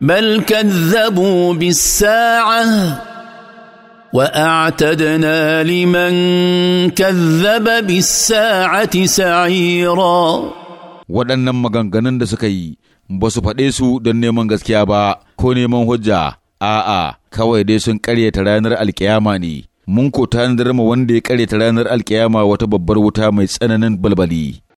بل كذبوا بالساعه واعتدنا لمن كذب بالساعه سعيرا waɗannan maganganun da suka yi ba su faɗe su don neman gaskiya ba ko neman hujja a'a kawai dai sun ƙaryata ranar alkiyama ne mun ko tanadar wanda ya ƙaryata ranar alkiyama wata babbar wuta mai tsananin balbali